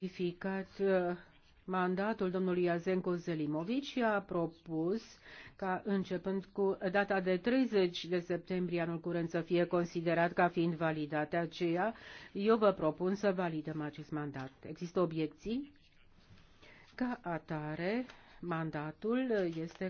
modificat uh, mandatul domnului Iazenko Zelimovic și a propus ca începând cu data de 30 de septembrie anul curent să fie considerat ca fiind validat. aceea eu vă propun să validăm acest mandat. Există obiecții? Ca atare, mandatul este